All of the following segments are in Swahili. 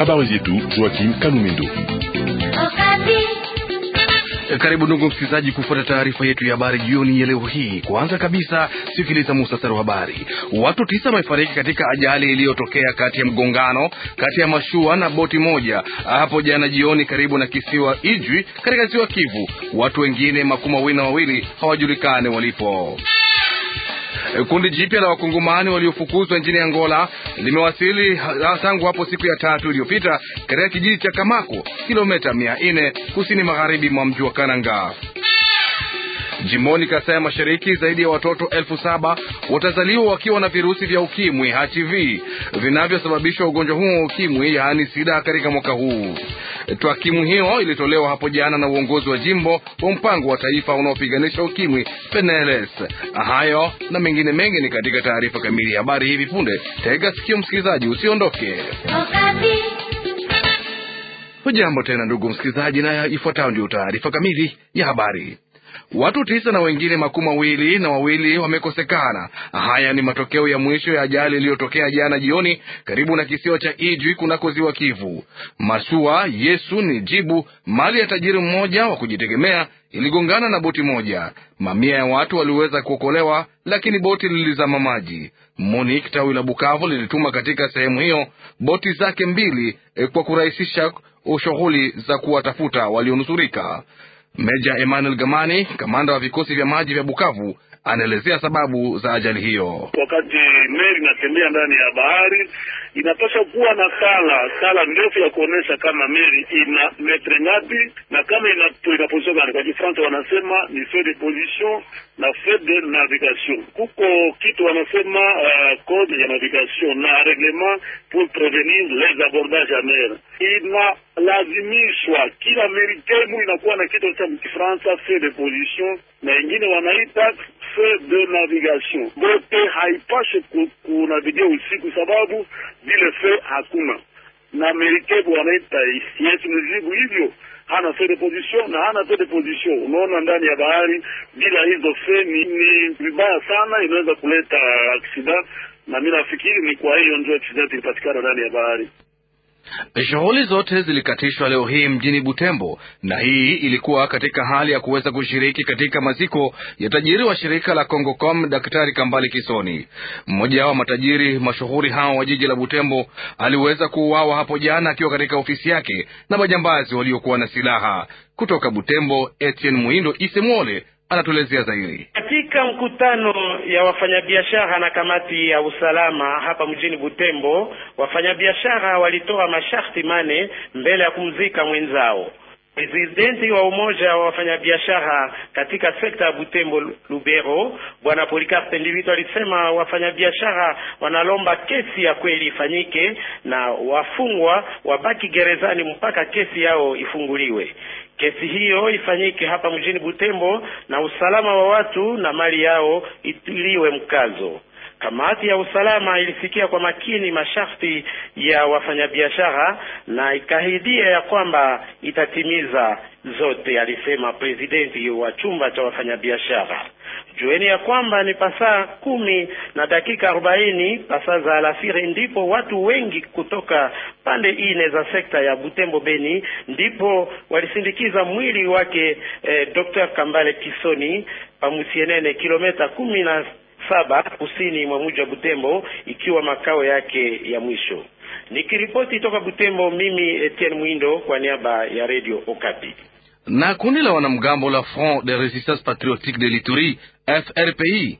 Habari zetu Joaquim Kalumendo. Eh, karibu ndugu msikilizaji, kufuata taarifa yetu ya habari jioni ya leo hii. Kwanza kabisa, sikiliza muhtasari wa habari. Watu tisa wamefariki katika ajali iliyotokea kati ya mgongano kati ya mashua na boti moja hapo jana jioni karibu na kisiwa Ijwi katika ziwa Kivu. Watu wengine makumi mawili na wawili hawajulikani walipo. Eh, kundi jipya la wakongomani waliofukuzwa nchini Angola limewasili tangu hapo siku ya tatu iliyopita katika kijiji cha Kamako, kilomita 400 kusini magharibi mwa mji wa Kananga. Jimboni Kasai ya Mashariki, zaidi ya watoto elfu saba watazaliwa wakiwa na virusi vya ukimwi HIV vinavyosababishwa ugonjwa huo wa ukimwi, yaani sida, katika mwaka huu. Twakimu hiyo ilitolewa hapo jana na uongozi wa jimbo wa mpango wa taifa unaopiganisha ukimwi PNLS. Hayo na mengine mengi ni katika taarifa kamili ya habari hivi punde. Tega sikio, msikilizaji, usiondoke. Hujambo tena ndugu msikilizaji, na ifuatayo ndio taarifa kamili ya habari watu tisa na wengine makumi mawili na wawili wamekosekana. Haya ni matokeo ya mwisho ya ajali iliyotokea jana jioni karibu na kisiwa cha Ijwi kunako ziwa Kivu. Mashua Yesu ni jibu mali ya tajiri mmoja wa kujitegemea iligongana na boti moja. Mamia ya watu waliweza kuokolewa, lakini boti lilizama maji. Monique tawi la Bukavu lilituma katika sehemu hiyo boti zake mbili eh, kwa kurahisisha shughuli za kuwatafuta walionusurika. Meja Emmanuel Gamani, kamanda wa vikosi vya maji vya Bukavu, anaelezea sababu za ajali hiyo. Wakati meli inatembea ndani ya bahari inapaswa kuwa na sala, sala ndefu ya kuonesha kama meli ina metre ngapi, na kama inaposoka kwa Kifaransa wanasema ni feu de position na feu de navigation. Kuko kitu wanasema uh, code ya navigation na reglement pour prevenir les abordages a mer, inalazimishwa kila meli temu inakuwa na kitu cha Kifaransa feu de position na ingine wanaita feu de navigation. Bote haipashe kunavigia usiku sababu vile feu hakuna, na merikebu wanaita yesu nijibu hivyo, hana fe de position na hana fe de position. Unaona, ndani ya bahari bila hizo fe ni, ni vibaya sana, inaweza kuleta aksida, na mi nafikiri ni kwa hiyo njo accident ilipatikana ndani ya bahari. Shughuli zote zilikatishwa leo hii mjini Butembo, na hii ilikuwa katika hali ya kuweza kushiriki katika maziko ya tajiri wa shirika la Congocom, Daktari Kambali Kisoni. Mmoja wa matajiri mashuhuri hao wa jiji la Butembo aliweza kuuawa hapo jana akiwa katika ofisi yake na majambazi waliokuwa na silaha kutoka Butembo. Etienne Muindo Isemwole anatuelezea zaidi. Katika mkutano ya wafanyabiashara na kamati ya usalama hapa mjini Butembo, wafanyabiashara walitoa masharti mane mbele ya kumzika mwenzao. Presidenti wa umoja wa wafanyabiashara katika sekta ya Butembo Lubero, bwana Polikarpe Ndivito alisema wafanyabiashara wanalomba kesi ya kweli ifanyike na wafungwa wabaki gerezani mpaka kesi yao ifunguliwe. Kesi hiyo ifanyike hapa mjini Butembo na usalama wa watu na mali yao itiliwe mkazo. Kamati ya usalama ilisikia kwa makini masharti ya wafanyabiashara na ikahidia ya kwamba itatimiza zote, alisema presidenti wa chumba cha wafanyabiashara. Jueni ya kwamba ni pasaa kumi na dakika arobaini pasaa za alasiri, ndipo watu wengi kutoka pande ine za sekta ya Butembo Beni ndipo walisindikiza mwili wake eh, Dr. Kambale Kisoni pamusienene kilometa kumi na saba kusini mwa mji wa Butembo, ikiwa makao yake ya mwisho. Nikiripoti toka Butembo, mimi Etienne Mwindo kwa niaba ya Radio Okapi na kundi la wanamgambo la Front de Resistance Patriotique de Lituri FRPI eh,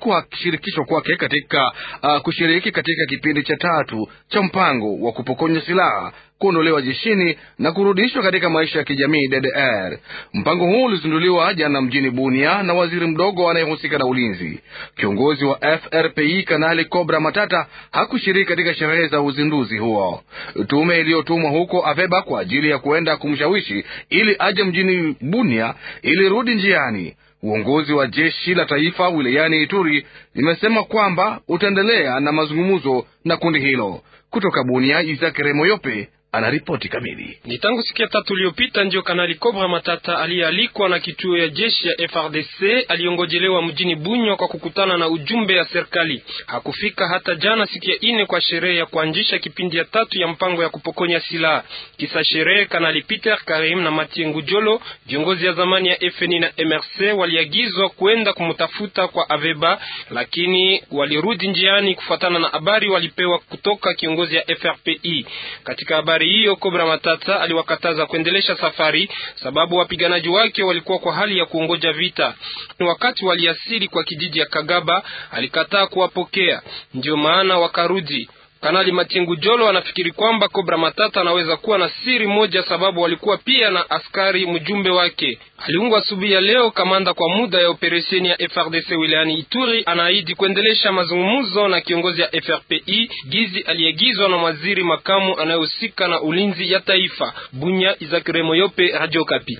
halikushirikishwa kwake katika uh, kushiriki katika kipindi cha tatu cha mpango wa kupokonya silaha kuondolewa jeshini na kurudishwa katika maisha ya kijamii DDR. Mpango huu ulizinduliwa jana mjini Bunia na waziri mdogo anayehusika na ulinzi. Kiongozi wa FRPI Kanali Cobra Matata hakushiriki katika sherehe za uzinduzi huo. Tume iliyotumwa huko Aveba kwa ajili ya kuenda kumshawishi ili aje mjini Bunia ilirudi njiani. Uongozi wa jeshi la taifa wilayani Ituri limesema kwamba utaendelea na mazungumzo na kundi hilo. Kutoka Bunia, Izakere Moyope, ripoti kamili. Ni tangu siku ya tatu iliyopita ndiyo Kanali Cobra Matata aliyealikwa na kituo ya jeshi ya FRDC aliongojelewa mjini Bunywa kwa kukutana na ujumbe ya serikali. Hakufika hata jana siku ya ine kwa sherehe ya kuanzisha kipindi ya tatu ya mpango ya kupokonya silaha. Kisa sherehe, Kanali Peter Karim na Matie Ngujolo, viongozi ya zamani ya FNI na MRC, waliagizwa kwenda kumtafuta kwa Aveba, lakini walirudi njiani kufuatana na habari walipewa kutoka kiongozi ya FRPI. Katika habari hiyo Kobra Matata aliwakataza kuendelesha safari, sababu wapiganaji wake walikuwa kwa hali ya kuongoja vita. Wakati waliasiri kwa kijiji ya Kagaba, alikataa kuwapokea, ndio maana wakarudi. Kanali Matingu Jolo anafikiri kwamba Kobra Matata anaweza kuwa na siri moja, sababu walikuwa pia na askari mjumbe wake. Aliungwa asubuhi ya leo kamanda kwa muda ya operesheni ya FRDC wilayani Ituri, anaahidi kuendelesha mazungumzo na kiongozi ya FRPI Gizi aliyeagizwa na waziri makamu anayehusika na ulinzi ya taifa. Bunya, Izakiremo Yope, Radio Kapi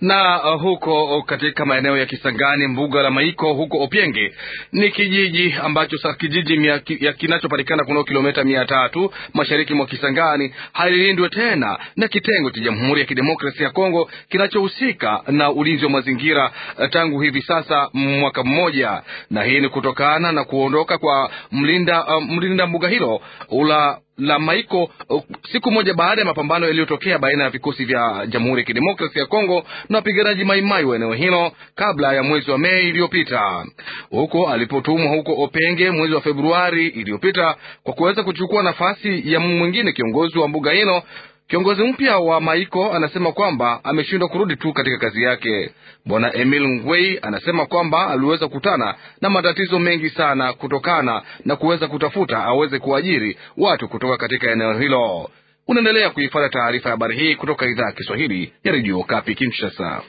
na uh, huko katika maeneo ya Kisangani, mbuga la Maiko huko Opyenge ni kijiji ambacho kijiji kinachopatikana kunao kilomita mia tatu mashariki mwa Kisangani halilindwe tena na kitengo cha Jamhuri ya Kidemokrasia ya Kongo kinachohusika na ulinzi wa mazingira uh, tangu hivi sasa mwaka mmoja, na hii ni kutokana na kuondoka kwa mlinda, uh, mlinda mbuga hilo ula la Maiko uh, siku moja baada ya mapambano yaliyotokea baina ya vikosi vya Jamhuri ya Kidemokrasia ya Kongo na wapiganaji Maimai wa eneo hilo kabla ya mwezi wa Mei iliyopita, huko alipotumwa huko Openge mwezi wa Februari iliyopita kwa kuweza kuchukua nafasi ya mwingine kiongozi wa mbuga hilo Kiongozi mpya wa Maiko anasema kwamba ameshindwa kurudi tu katika kazi yake. Bwana Emil Ngwei anasema kwamba aliweza kukutana na matatizo mengi sana kutokana na kuweza kutafuta aweze kuajiri watu kutoka katika eneo hilo. Unaendelea kuifuata taarifa ya habari hii kutoka idhaa ya Kiswahili ya redio Kapi, Kinshasa.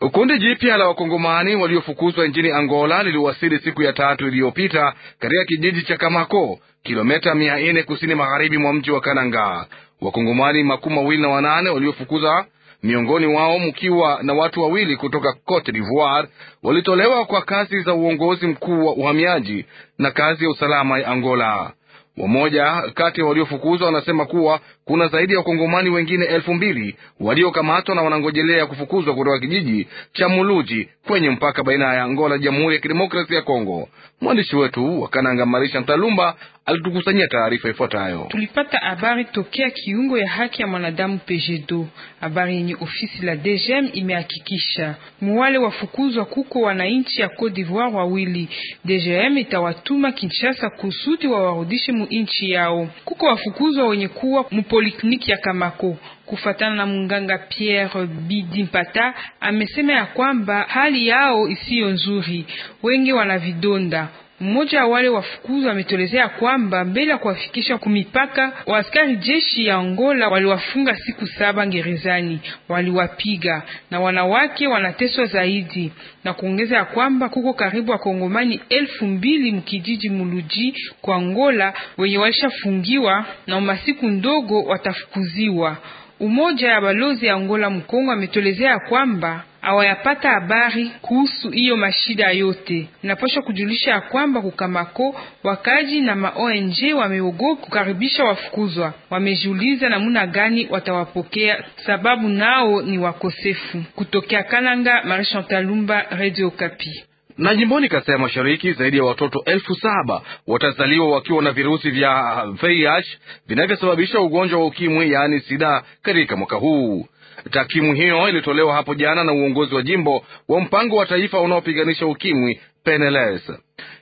Kundi jipya la wakongomani waliofukuzwa nchini Angola liliwasili siku ya tatu iliyopita katika kijiji cha Kamako, kilomita mia nne kusini magharibi mwa mji wa Kananga. Wakongomani makumi mawili na wanane waliofukuza miongoni wao mkiwa na watu wawili kutoka Cote d'Ivoire walitolewa kwa kazi za uongozi mkuu wa uhamiaji na kazi ya usalama ya Angola. Wamoja kati ya waliofukuzwa wanasema kuwa kuna zaidi ya wakongomani wengine elfu mbili waliokamatwa na wanangojelea kufukuzwa kutoka kijiji cha Muluji kwenye mpaka baina ya Angola na Jamhuri ya Kidemokrasia ya Kongo. Mwandishi wetu wa Kananga, Marisha Mtalumba, alitukusanyia taarifa ifuatayo. Tulipata habari tokea kiungo ya haki ya mwanadamu Pejedo, habari yenye ofisi la DGM imehakikisha muwale wafukuzwa kuko wananchi ya Cote d'Ivoire wawili. DGM itawatuma Kinshasa kusudi wawarudishe mu nchi yao. Kuko wafukuzwa wenye kuwa mupolikliniki ya Kamako Kufatana na munganga Pierre Bidimpata, amesema ya kwamba hali yao isiyo nzuri, wengi wana vidonda. Mmoja wa wale wafukuzwa ametolezea kwamba mbele ya kuwafikisha kumipaka, waaskari jeshi ya Angola waliwafunga siku saba gerezani, waliwapiga na wanawake wanateswa zaidi, na kuongeza ya kwamba kuko karibu wakongomani elfu mbili mkijiji Muluji kwa Angola wenye walishafungiwa na masiku ndogo watafukuziwa. Umoja ya balozi ya Angola Mkongo ametolezea kwamba hawayapata habari kuhusu hiyo mashida yote. Napasha kujulisha ya kwamba kukamako wakaji na maONG wameogopa kukaribisha wafukuzwa, wamejiuliza namuna gani watawapokea sababu nao ni wakosefu. Kutokea Kananga, Marie Chantal Lumba, Radio Kapi. Na jimboni Kasai ya Mashariki, zaidi ya watoto elfu saba watazaliwa wakiwa na virusi vya VIH vinavyosababisha ugonjwa wa ukimwi, yaani sida, katika mwaka huu. Takwimu hiyo ilitolewa hapo jana na uongozi wa jimbo wa mpango wa taifa unaopiganisha ukimwi PNLS.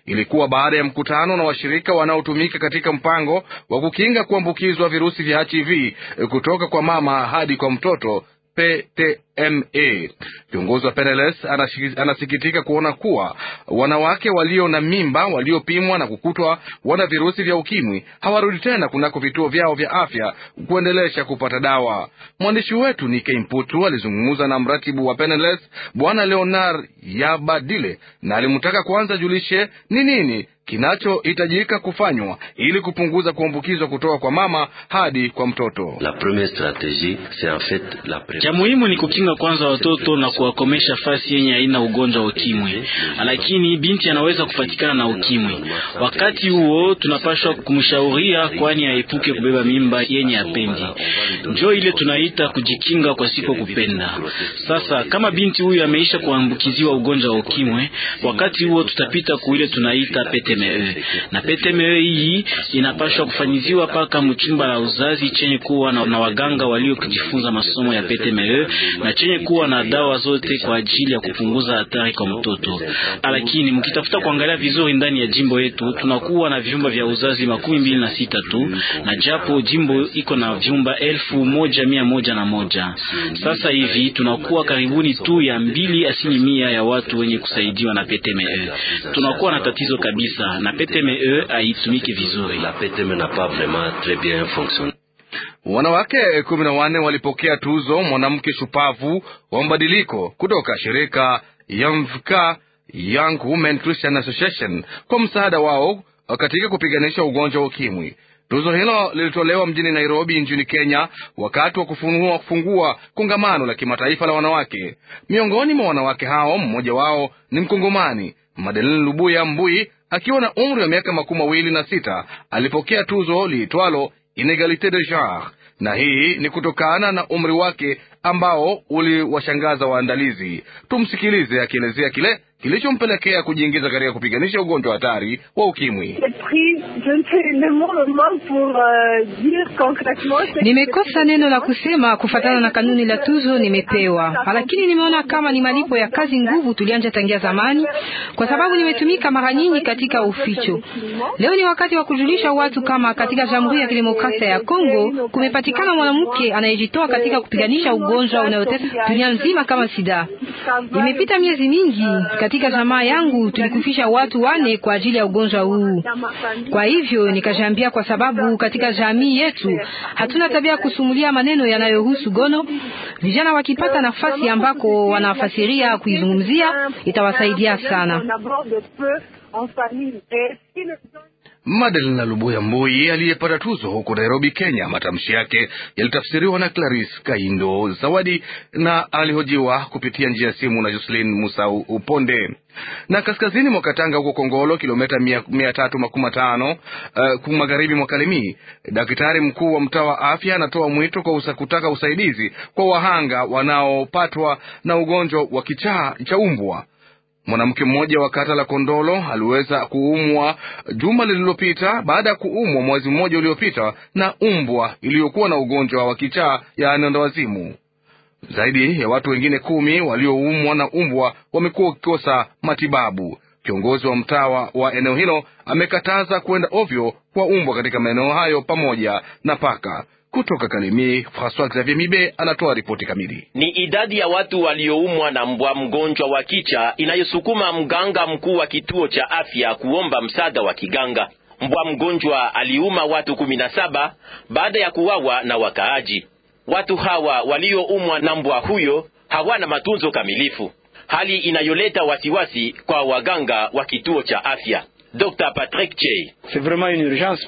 Ilikuwa baada ya mkutano na washirika wanaotumika katika mpango wa kukinga kuambukizwa virusi vya HIV kutoka kwa mama hadi kwa mtoto ma. Kiongozi wa PNLS anasikitika kuona kuwa wanawake walio na mimba waliopimwa na kukutwa wana virusi vya ukimwi hawarudi tena kunako vituo vyao vya afya kuendelesha kupata dawa. Mwandishi wetu Nike Mputu alizungumza na mratibu wa PNLS Bwana Leonard Yabadile na alimtaka kwanza julishe ni nini kinachohitajika kufanywa ili kupunguza kuambukizwa kutoka kwa mama hadi kwa mtoto. La première c'est en fait la cha muhimu ni kukinga kupinga kwanza watoto na kuwakomesha fasi yenye haina ugonjwa wa ukimwi, lakini binti anaweza kupatikana na ukimwi. Wakati huo tunapashwa kumshauria, kwani aepuke kubeba mimba yenye apendi. Njo ile tunaita kujikinga kwa sipo kupenda. Sasa kama binti huyu ameisha kuambukiziwa ugonjwa wa ukimwi, wakati huo tutapita kuile tunaita PTME, na PTME hii inapashwa kufanyiziwa paka mchumba la uzazi chenye kuwa na, na waganga walio kujifunza masomo ya PTME na chenye kuwa na dawa zote kwa ajili ya kupunguza hatari kwa mtoto. Lakini mkitafuta kuangalia vizuri ndani ya jimbo yetu tunakuwa na vyumba vya uzazi makumi mbili na sita tu, na japo jimbo iko na vyumba elfu moja mia moja na moja sasa hivi tunakuwa karibuni tu ya mbili asilimia ya watu wenye kusaidiwa na PTME. Tunakuwa na tatizo kabisa na PTME haitumiki vizuri. Wanawake kumi na wanne walipokea tuzo mwanamke shupavu wa mabadiliko kutoka shirika Yamvka, Young Women Christian Association kwa msaada wao katika kupiganisha ugonjwa wa ukimwi. Tuzo hilo lilitolewa mjini Nairobi nchini Kenya wakati wa kufunua, kufungua kongamano la kimataifa la wanawake. Miongoni mwa wanawake hao mmoja wao ni Mkongomani Madeline Lubuya Mbui akiwa na umri wa miaka makumi mawili na sita alipokea tuzo liitwalo inegalite de genre, na hii ni kutokana na umri wake ambao uliwashangaza waandalizi. Tumsikilize akielezea kile kilichompelekea kujiingiza katika kupiganisha ugonjwa hatari wa ukimwi. Nimekosa neno la kusema kufatana na kanuni la tuzo nimepewa, lakini nimeona kama ni malipo ya kazi nguvu tulianja tangia zamani, kwa sababu nimetumika mara nyingi katika uficho. Leo ni wakati wa kujulisha watu kama katika Jamhuri ya Kidemokrasia ya Kongo kumepatikana mwanamke anayejitoa katika kupiganisha ugonjwa unaotesa dunia nzima kama sida. Imepita miezi mingi katika katika jamaa yangu tulikufisha watu wane kwa ajili ya ugonjwa huu. Kwa hivyo nikashambia, kwa sababu katika jamii yetu hatuna tabia ya kusumulia maneno yanayohusu gono. Vijana wakipata nafasi ambako wanafasiria kuizungumzia itawasaidia sana. Madeline Lubuya Mbui aliyepata tuzo huko Nairobi, Kenya. Matamshi yake yalitafsiriwa na Clarice Kaindo Zawadi na alihojiwa kupitia njia ya simu na Jocelyn Musa Uponde. Na kaskazini mwa Katanga huko Kongolo, kilometa mia tatu makumi matano uh, magharibi mwa Kalemie, daktari mkuu wa mtaa wa afya anatoa mwito kwa usa, kutaka usaidizi kwa wahanga wanaopatwa na ugonjwa wa kichaa cha umbwa. Mwanamke mmoja wa kata la Kondolo aliweza kuumwa juma lililopita baada ya kuumwa mwezi mmoja uliopita na umbwa iliyokuwa na ugonjwa wa kichaa yaani ndawazimu. Zaidi ya watu wengine kumi walioumwa na umbwa wamekuwa wakikosa matibabu. Kiongozi wa mtaa wa eneo hilo amekataza kuenda ovyo kwa umbwa katika maeneo hayo pamoja na paka. Kutoka Kalemi, Francois Xavier Mibe anatoa ripoti kamili. Ni idadi ya watu walioumwa na mbwa mgonjwa wa kicha inayosukuma mganga mkuu wa kituo cha afya kuomba msaada wa kiganga. Mbwa mgonjwa aliuma watu kumi na saba baada ya kuwawa na wakaaji. Watu hawa walioumwa na mbwa huyo hawana matunzo kamilifu, hali inayoleta wasiwasi kwa waganga wa kituo cha afya. Dr. Patrick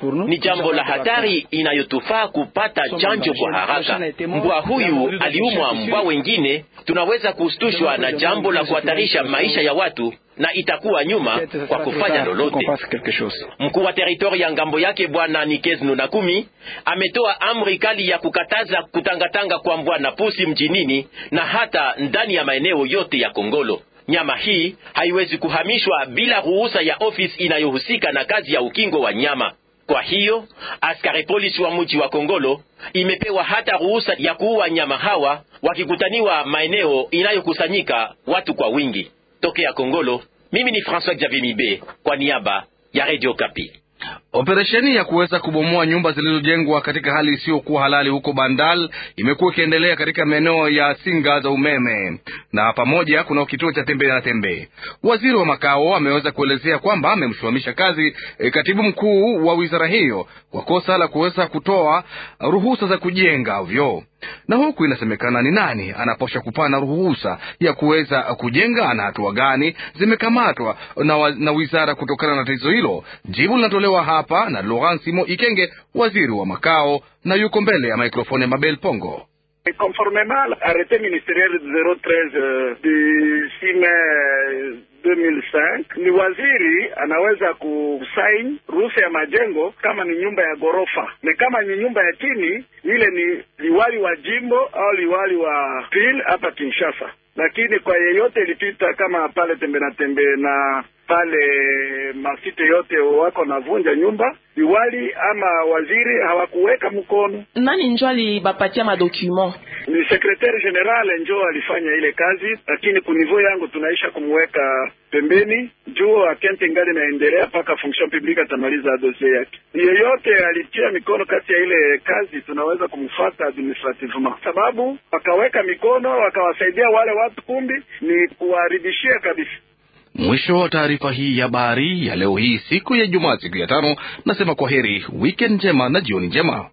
nous. Ni jambo la hatari inayotufaa kupata chanjo kwa haraka. Mbwa huyu aliumwa mbwa wengine, tunaweza kustushwa na jambo la kuhatarisha maisha ya watu na itakuwa nyuma kwa kufanya lolote. Mkuu wa teritori ya ngambo yake Bwana Nikes Nunakumi ametoa amri kali ya kukataza kutangatanga kwa mbwa na pusi mjinini na hata ndani ya maeneo yote ya Kongolo. Nyama hii haiwezi kuhamishwa bila ruhusa ya ofisi inayohusika na kazi ya ukingo wa nyama. Kwa hiyo askari polisi wa mji wa Kongolo imepewa hata ruhusa ya kuua nyama hawa wakikutaniwa maeneo inayokusanyika watu kwa wingi. Tokea Kongolo, mimi ni François Xavier Mibe kwa niaba ya Radio Kapi. Operesheni ya kuweza kubomoa nyumba zilizojengwa katika hali isiyokuwa halali huko Bandal imekuwa ikiendelea katika maeneo ya singa za umeme na pamoja kuna kituo cha tembe na tembe. Waziri wa makao ameweza kuelezea kwamba amemsimamisha kazi e, katibu mkuu wa wizara hiyo kwa kosa la kuweza kutoa ruhusa za kujenga ovyo, na huku inasemekana ni nani anaposha kupana ruhusa ya kuweza kujenga na hatua gani zimekamatwa na, na wizara kutokana na tatizo hilo. Jibu linatolewa hapa hapa na Laurent Simo Ikenge, waziri wa makao, na yuko mbele ya mikrofoni ya Mabel Pongo. Conformément à l'arrêté ministériel 013 euh, du 6 mai 2005 ni waziri anaweza kusign ruhusa ya majengo kama ni nyumba ya ghorofa, na kama ni nyumba ya chini, ile ni liwali wa jimbo au liwali wa pil hapa Kinshasa. Lakini kwa yeyote ilipita kama pale tembe na tembe na pale masite yote wako navunja nyumba, liwali ama waziri hawakuweka mkono. Nani njo alibapatia madocument? Ni sekretari general njo alifanya ile kazi, lakini kunivyo yangu tunaisha kumweka pembeni juu akente ngali naendelea mpaka fonction publique atamaliza dosier yake. Yeyote alitia mikono kati ya ile kazi tunaweza kumfuata administrativement, sababu wakaweka mikono wakawasaidia wale watu, kumbi ni kuwaridishia kabisa. Mwisho wa taarifa hii ya habari ya leo hii siku ya Ijumaa, siku ya tano. Nasema kwa heri, weekend njema na jioni njema.